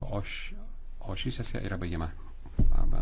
O, š, o ši sesija yra baigiama. Labą.